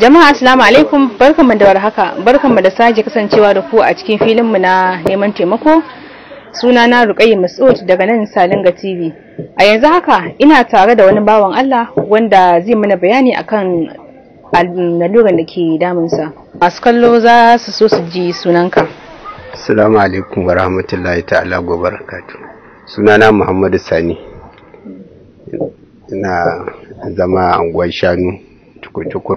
jama'a assalamu alaikum barkanmu da warhaka barkanmu da sake kasancewa da ku a cikin filin mu na neman taimako suna na Ruqayya Mas'ud daga nan Salinga TV a yanzu haka ina tare da wani bawan Allah wanda zai mana bayani akan laluran da ke damunsa masu kallo za su so su ji sunanka assalamu alaikum wa rahmatullahi ta'ala wa barakatuh sunana Muhammadu Sani ina zama anguwar shanu tukutuku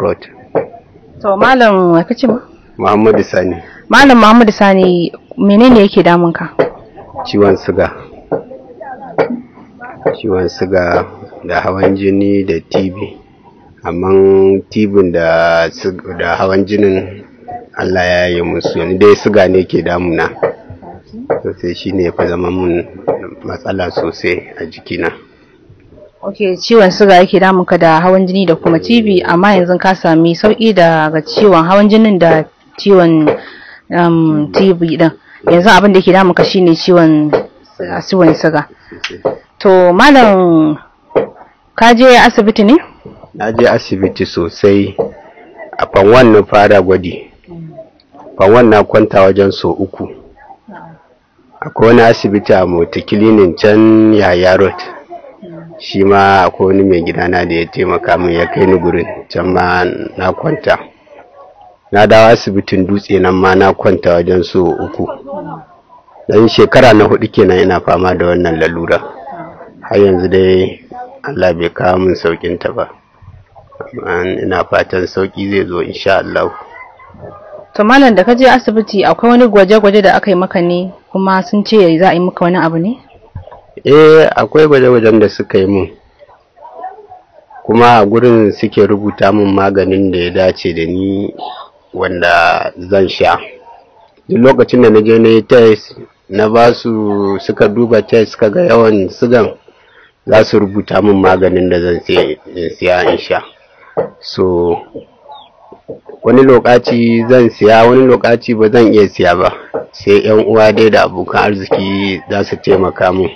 To malam kace Muhammadu Sani. Malam Muhammadu Sani menene yake damun ka? Ciwon siga. Ciwon siga da hawan jini da TB. Amma tibin da da hawan jinin Allah ya yi musu yanzu dai siga ne ke damuna. sai shine ya fi zama mun matsala sosai a jikina. ok ciwon suga yake damun ka da hawan jini da kuma tv amma yanzu ka sami sauki daga ciwon hawan jinin da ciwon um, tv din yanzu abin da yake damun ka shine ciwon uh, ciwon suga to malam ka je asibiti ne na je asibiti sosai a fanwan na fara gwadi fanwan na kwanta wajen so uku akwai wani asibiti a mota kilinin can yaya road shi ma akwai wani mai gidana da ya taimaka min ya kai ni gurin can ma na kwanta na dawo asibitin dutse nan ma na kwanta wajen so uku dan shekara na hudu kenan ina fama da wannan lalura har yanzu dai Allah bai kawo min saukin ta ba ina fatan sauki zai zo insha Allah to malam da ka je asibiti akwai wani gwaje-gwaje da aka yi maka ne kuma sun ce za a yi maka wani abu ne eh akwai gwaje-gwajen da suka yi mun kuma a gurin suke rubuta mun maganin da ya dace da ni wanda zan sha duk lokacin da na je na yi test na ba su suka duba test suka ga yawan sigan za su rubuta min maganin da zan siya in sha so wani lokaci zan siya wani lokaci ba zan iya siya ba sai yan uwa dai da abokan arziki za su taimaka mun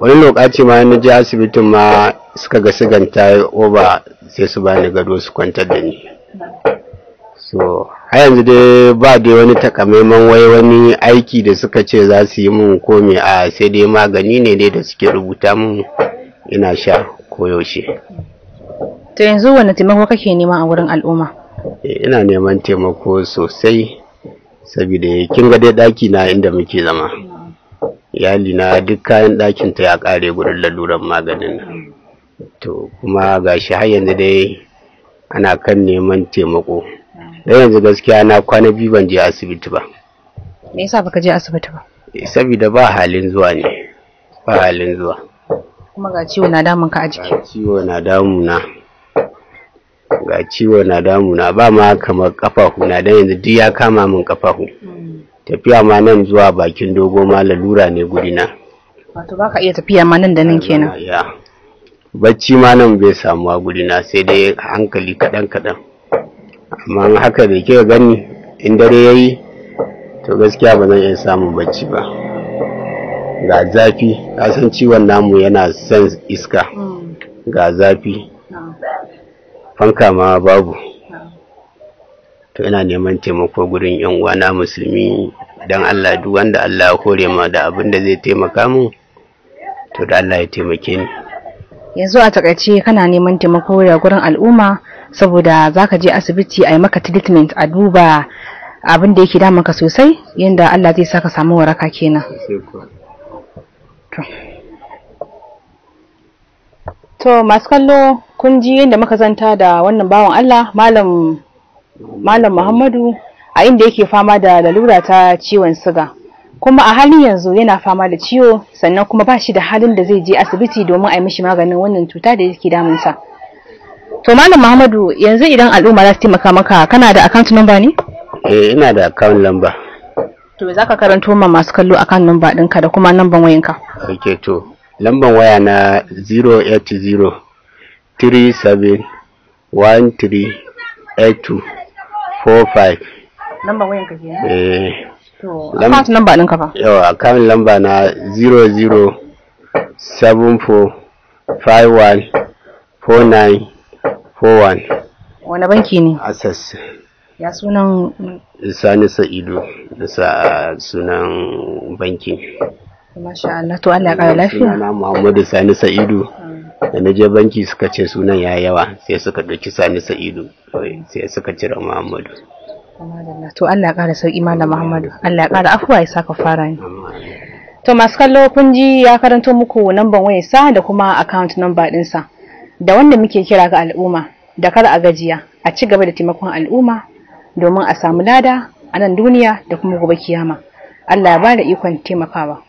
wani lokaci ma na je asibitin ma suka ga siganta ta oba sai su bani gado su kwantar da ni so har yanzu dai ba dai wani takamaiman wai wani aiki da suka ce za su yi mun komi a sai dai magani ne dai da suke rubuta mun ina sha koyaushe Ta yanzu wani taimako kake nema a wurin al'umma eh, ina neman taimako sosai saboda kin ga dai daki na inda muke zama iyali na duk kayan ɗakin ta ya ƙare gurin laluran maganin nan to kuma shi har yanzu dai ana kan neman taimako dan yanzu gaskiya na kwana biyu ban je asibiti ba me yasa baka je asibiti ba eh, saboda ba halin zuwa ne ba halin zuwa kuma ga ciwo na damun ka a jiki ciwo na damuna ga ciwo na damuna ba ma kamar kafahu na dan yanzu duk ya kama min kafahu hmm. tafiya ma nan zuwa bakin dogo ma lalura ne na. wato ba ka iya tafiya ma nan da nan kenan ya bacci ma nan bai samuwa na, sai dai hankali kaɗan kaɗan amma haka da ke gani in dare yayi to gaskiya ba zan iya samun bacci ba ga zafi kasan ciwon namu yana son iska hmm. ga zafi ah. fanka ma babu to ina neman taimako gurin yan uwana musulmi dan Allah duk wanda Allah ya kore ma da abin da zai taimaka mu to da Allah ya taimake ni yanzu a takaice kana neman taimako da gurin al'umma saboda zaka je asibiti a yi maka treatment a duba abin da yake ka sosai yanda Allah zai saka samu waraka kenan to masu kallo kun ji yadda muka zanta da wannan bawan Allah malam Malam Muhammadu a inda yake fama da lalura ta ciwon siga. Kuma a halin yanzu yana fama da ciwo sannan kuma ba shi da halin da zai je asibiti domin a yi mishi maganin wannan cuta da yake damunsa. To Malam Muhammadu yanzu idan al'umma za su taimaka maka kana da account number ne? Eh ina da account number. To za ka karanto ma masu kallo account number ɗinka da kuma lambar wayanka. Okay to lambar waya na 080 37 13 45 lamba wayan ka kenan eh to account number fa account lamba na wani banki ne access ya sunan sani sa'idu da sunan banki masha Allah to Allah ya kara lafiya na Muhammadu Sani Sa'idu da na je banki suka ce sunan ya yawa sai suka ɗauki sani sa'idu sai suka cire muhammadu to allah ya ƙara sauƙi malam muhammadu allah ya ƙara afuwa ya saka fara ni to masu kallo kun ji ya karanto muku namban wayarsa da kuma account number ɗinsa da wanda muke kira ga al'umma da kar a gajiya a ci gaba da taimakon al'umma domin a samu lada a nan duniya da kuma gobe kiyama Allah ya ba da ikon taimakawa